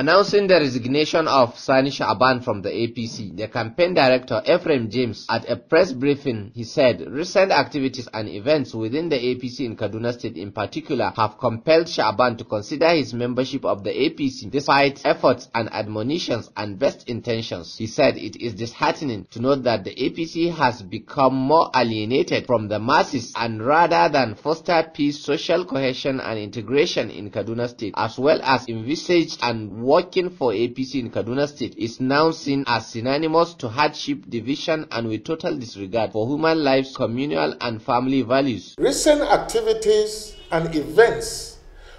Announcing the resignation of Sani Shaban from the APC, the campaign director Ephraim James, at a press briefing, he said recent activities and events within the APC in Kaduna State in particular have compelled Shaban to consider his membership of the APC despite efforts and admonitions and best intentions. He said it is disheartening to note that the APC has become more alienated from the masses and rather than foster peace, social cohesion and integration in Kaduna State as well as envisaged and working for APC in Kaduna State is now seen as synonymous to hardship, division, and with total disregard for human lives, communal, and family values. Recent activities and events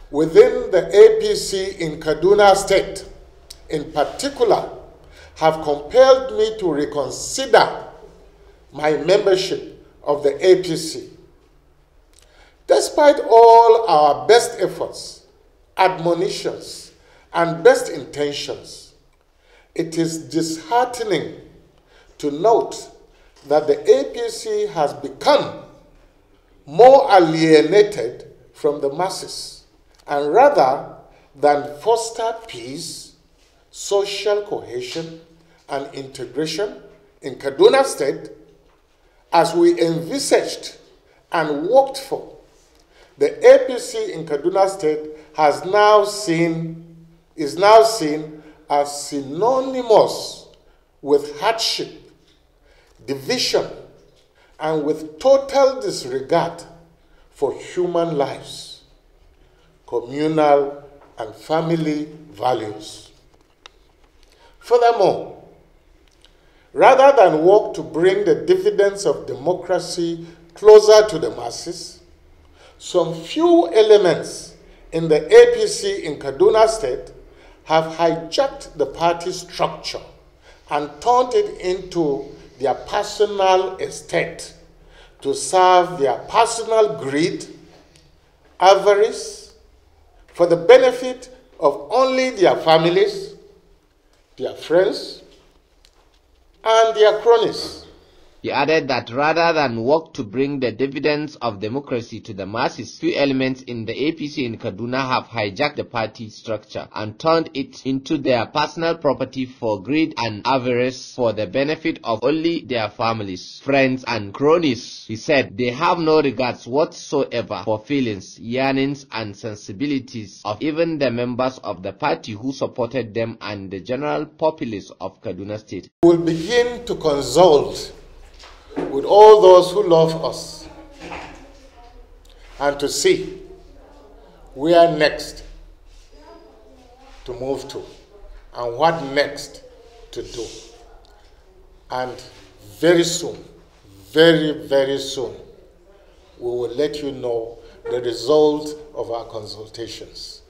within the APC in Kaduna State, in particular, have compelled me to reconsider my membership of the APC. Despite all our best efforts, admonitions, and best intentions, it is disheartening to note that the APC has become more alienated from the masses and rather than foster peace, social cohesion, and integration in Kaduna State, as we envisaged and worked for, the APC in Kaduna State has now seen is now seen as synonymous with hardship, division, and with total disregard for human lives, communal and family values. Furthermore, rather than work to bring the dividends of democracy closer to the masses, some few elements in the APC in Kaduna State have hijacked the party structure and turned it into their personal estate to serve their personal greed, avarice, for the benefit of only their families, their friends, and their cronies. He added that rather than work to bring the dividends of democracy to the masses, few elements in the APC in Kaduna have hijacked the party structure and turned it into their personal property for greed and avarice for the benefit of only their families, friends and cronies. He said they have no regards whatsoever for feelings, yearnings and sensibilities of even the members of the party who supported them and the general populace of Kaduna State. We will begin to consult with all those who love us and to see where next to move to and what next to do. And very soon, very, very soon, we will let you know the result of our consultations.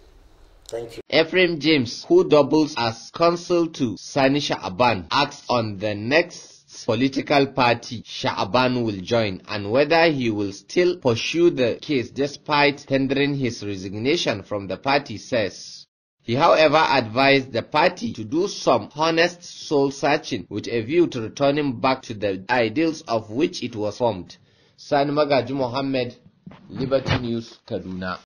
Thank you. Ephraim James, who doubles as counsel to Sanisha Aban, acts on the next political party Sha'aban will join and whether he will still pursue the case despite tendering his resignation from the party says. He however advised the party to do some honest soul searching with a view to returning back to the ideals of which it was formed. San Magaji Mohammed, Liberty News, Kaduna.